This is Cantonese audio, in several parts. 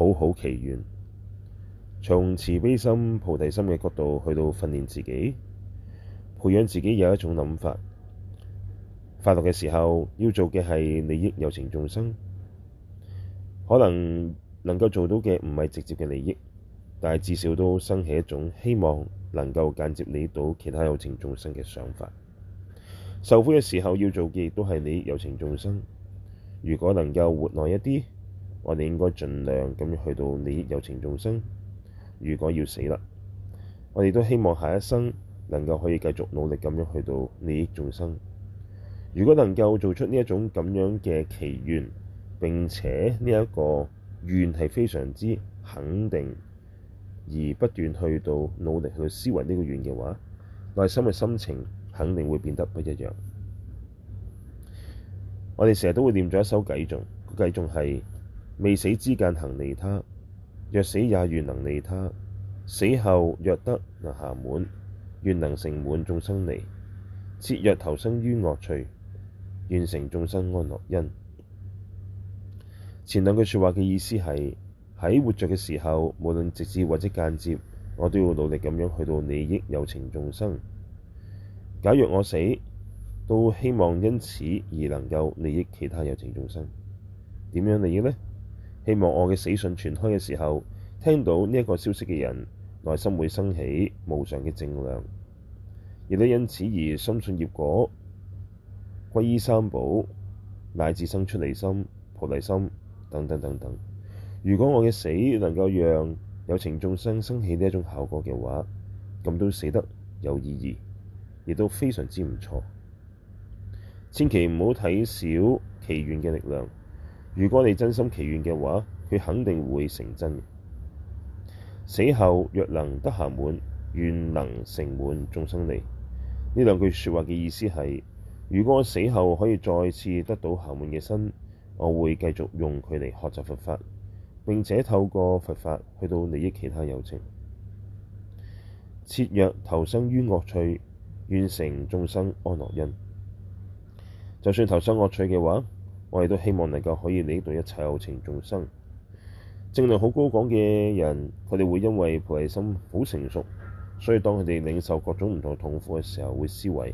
好好祈願，從慈悲心、菩提心嘅角度去到訓練自己，培養自己有一種諗法。快樂嘅時候要做嘅係利益有情眾生，可能能夠做到嘅唔係直接嘅利益，但係至少都生起一種希望能夠間接利到其他有情眾生嘅想法。受苦嘅時候要做嘅亦都係利有情眾生。如果能夠活耐一啲。我哋應該盡量咁樣去到利益有情眾生。如果要死啦，我哋都希望下一生能夠可以繼續努力咁樣去到利益眾生。如果能夠做出呢一種咁樣嘅祈願，並且呢一個願係非常之肯定，而不斷去到努力去思維呢個願嘅話，內心嘅心情肯定會變得不一樣。我哋成日都會念咗一首偈頌，偈頌係。未死之間行利他，若死也願能利他，死後若得能行滿，願能成滿眾生離。切若投生於惡趣，願成眾生安樂因。前兩句説話嘅意思係喺活着嘅時候，無論直接或者間接，我都要努力咁樣去到利益有情眾生。假若我死，都希望因此而能夠利益其他有情眾生。點樣利益呢？希望我嘅死訊傳開嘅時候，聽到呢一個消息嘅人，內心會生起無常嘅正能量，亦都因此而深信業果、皈依三寶，乃至生出離心、菩提心等等等等。如果我嘅死能夠讓有情眾生生起呢一種效果嘅話，咁都死得有意義，亦都非常之唔錯。千祈唔好睇小祈願嘅力量。如果你真心祈願嘅話，佢肯定會成真。死後若能得暇滿，願能成滿眾生利。呢兩句說話嘅意思係：如果我死後可以再次得到暇滿嘅身，我會繼續用佢嚟學習佛法，並且透過佛法去到利益其他有情。切若投生於惡趣，願成眾生安樂因。就算投生惡趣嘅話，我哋都希望能夠可以理解一切有情眾生，正能量好高講嘅人，佢哋會因為菩提心好成熟，所以當佢哋領受各種唔同痛苦嘅時候，會思維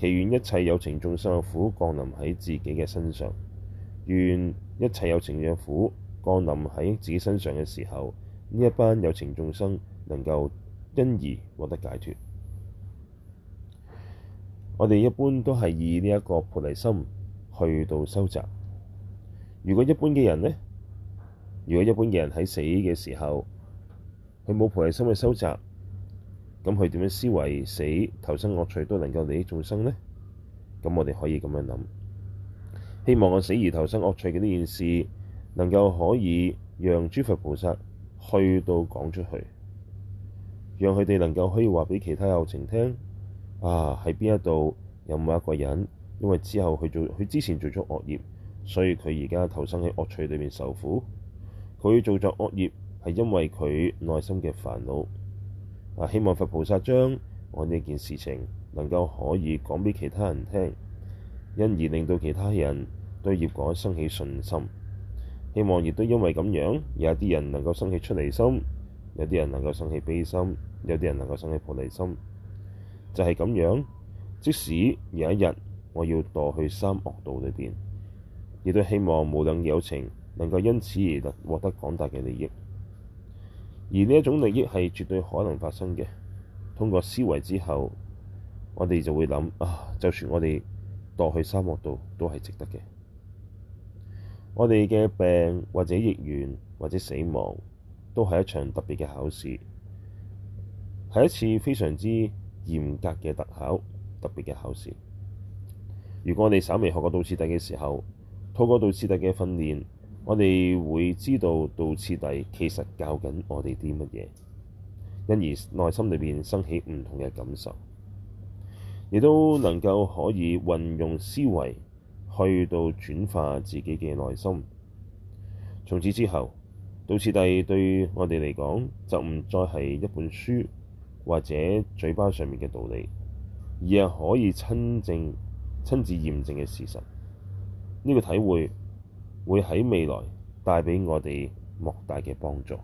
祈願一切有情眾生嘅苦降臨喺自己嘅身上，願一切有情嘅苦降臨喺自己身上嘅時候，呢一班有情眾生能夠因而獲得解脫。我哋一般都係以呢一個菩提心去到收集。如果一般嘅人呢？如果一般嘅人喺死嘅時候，佢冇菩提心去修習，咁佢點樣思維死投生惡趣都能夠利益眾生呢？咁我哋可以咁樣諗。希望我死而投生惡趣嘅呢件事，能夠可以讓諸佛菩薩去到講出去，讓佢哋能夠可以話畀其他有情聽啊！喺邊一度有冇一個人，因為之後佢做佢之前做咗惡業。所以佢而家投身喺惡趣裏面受苦。佢做咗惡業係因為佢內心嘅煩惱啊。希望佛菩薩將我呢件事情能夠可以講畀其他人聽，因而令到其他人對業果生起信心。希望亦都因為咁樣，有啲人能夠生起出離心，有啲人能夠生起悲心，有啲人能夠生，生起菩提心。就係咁樣，即使有一日我要墮去三惡道裏邊。亦都希望無量有情能夠因此而得獲得廣大嘅利益，而呢一種利益係絕對可能發生嘅。通過思維之後，我哋就會諗啊，就算我哋墮去沙漠度都係值得嘅。我哋嘅病或者疫源或者死亡都係一場特別嘅考試，係一次非常之嚴格嘅特考、特別嘅考試。如果我哋稍微學過道次第嘅時候，透過道次第嘅訓練，我哋會知道道次第其實教緊我哋啲乜嘢，因而內心裏邊生起唔同嘅感受，亦都能夠可以運用思維去到轉化自己嘅內心。從此之後，道次第對我哋嚟講就唔再係一本書或者嘴巴上面嘅道理，而係可以親證、親自驗證嘅事實。呢個體會會喺未來帶俾我哋莫大嘅幫助。